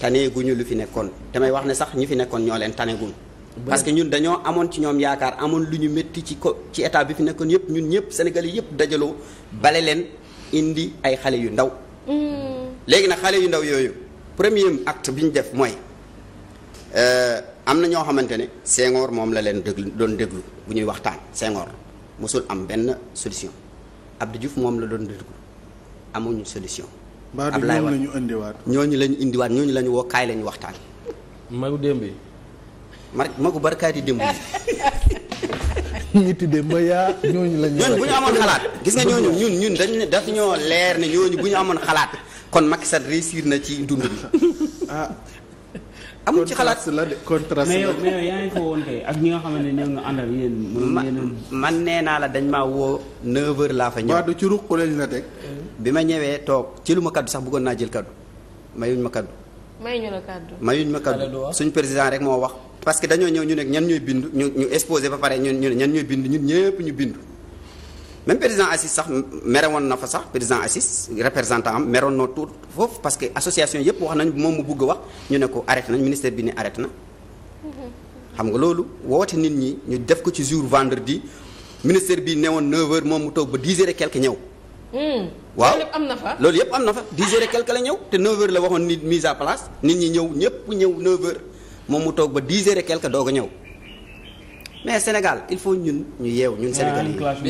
taneeguñu lu fi nekkoon damay wax ne sax ñi fi nekkoon ñoo leen taneeguñ parce que ñun dañoo amoon ci ñoom yaakaar amoon lu ñu métti ci ko ci état bi fi nekkoon yëpp ñun ñëpp sénégalais yëpp dajaloo bale leen indi ay xale yu ndaw. Mm. léegi nag xale yu ndaw yooyu premier acte bi ñu def mooy euh, am na ñoo xamante ne Senghor moom la leen déglu doon déglu bu ñuy waxtaan Senghor mosul am benn solution Abdou Diouf moom la doon déglu amuñu solution. Ablaye Wade ñooñu la ñu indiwaat. ñooñu lañu ñu indiwaat ñu woo kaay la ñu waxtaan. magu démb yi. magu barkaati démb yi. ñi tuddee Maya ñooñu bu ñu amoon xalaat gis nga ñooñu ñun ñun dañu ne daf ñoo leer ne ñooñu bu ñu amoon xalaat kon Macky Sall réussir na ci dund bi. Ah, amuñ ci xalaat la de ak ñi nga xamante ne ñoom ñu àndal yéen. mënoon man nee naa la dañ ma woo 9h laa fa ñëw. waaw ci ruq lañ la mm-hmm. bi ma ñëwee toog ci lu ma sax bëggoon naa jël kaddu mayuñ ma kaddu. mayuñu la kaddu mayuñ ma kaddu suñ président rek moo wax. parce que dañoo ñëw ñu ne ñan ñuy bind ñu ñu exposé ba pare ñu ne ñan ñooy bind ñun ñëpp ñu bind. même président Assis sax mere na fa sax président Assis représentant am meroon na tuut foofu parce que association yëpp wax nañ moom mu bugg wax ñu ne ko arrêté nañ ministère bi ne arrêté na. xam nga loolu woote nit ñi ñu def ko ci jour vendredi ministère bi ne woon 9 moom mu toog ba 10h et hmm. waaw na fa loolu yëpp am na fa 10h la ñëw te 9 la waxoon nit mise à place nit ñi ñëw ñëpp ñëw 9 moom mu toog ba 10h et quelque a ñëw mais Sénégal il faut ñun ñu yeew ñun ah,